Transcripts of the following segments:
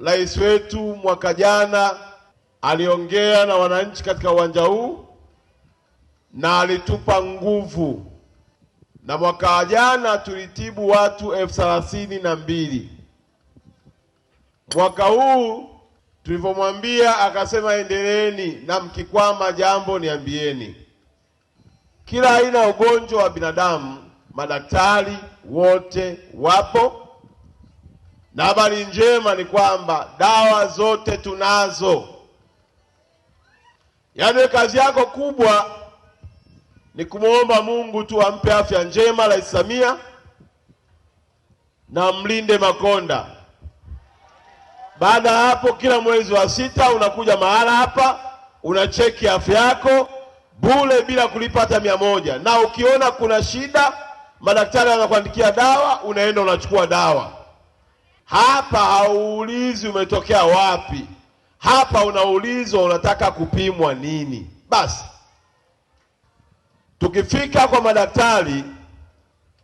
Rais wetu mwaka jana aliongea na wananchi katika uwanja huu na alitupa nguvu, na mwaka jana tulitibu watu elfu thelathini na mbili. Mwaka huu tulivyomwambia, akasema endeleeni, na mkikwama jambo niambieni. Kila aina ya ugonjwa wa binadamu madaktari wote wapo na habari njema ni kwamba dawa zote tunazo. Yaani kazi yako kubwa ni kumwomba Mungu tu ampe afya njema Rais Samia na mlinde Makonda. Baada ya hapo, kila mwezi wa sita unakuja mahala hapa unacheki afya yako bure bila kulipa hata mia moja, na ukiona kuna shida madaktari anakuandikia dawa, unaenda unachukua dawa. Hapa hauulizi umetokea wapi, hapa unaulizwa unataka kupimwa nini. Basi tukifika kwa madaktari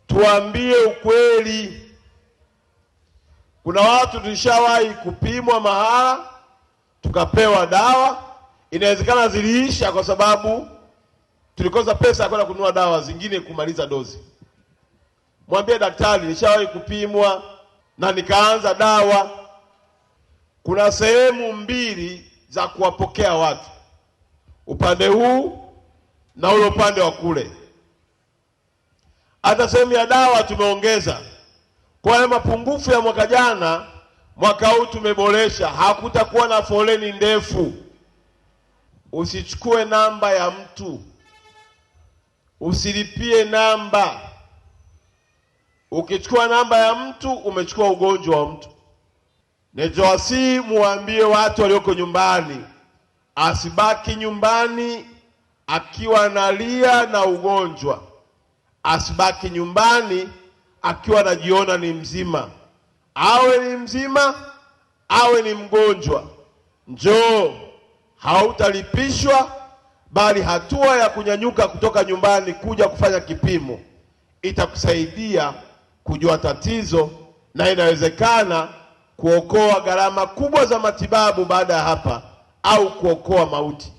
tuambie ukweli. Kuna watu tulishawahi kupimwa mahala tukapewa dawa, inawezekana ziliisha kwa sababu tulikosa pesa ya kwenda kununua dawa zingine kumaliza dozi. Mwambie daktari, nishawahi kupimwa na nikaanza dawa. Kuna sehemu mbili za kuwapokea watu, upande huu na ule upande wa kule. Hata sehemu ya dawa tumeongeza kwa yale mapungufu ya mwaka jana, mwaka huu tumeboresha, hakutakuwa na foleni ndefu. Usichukue namba ya mtu, usilipie namba Ukichukua namba ya mtu umechukua ugonjwa wa mtu. Najowasii muambie watu walioko nyumbani, asibaki nyumbani akiwa analia na ugonjwa, asibaki nyumbani akiwa anajiona ni mzima. Awe ni mzima, awe ni mgonjwa, njoo, hautalipishwa bali hatua ya kunyanyuka kutoka nyumbani kuja kufanya kipimo itakusaidia kujua tatizo na inawezekana kuokoa gharama kubwa za matibabu baada ya hapa au kuokoa mauti.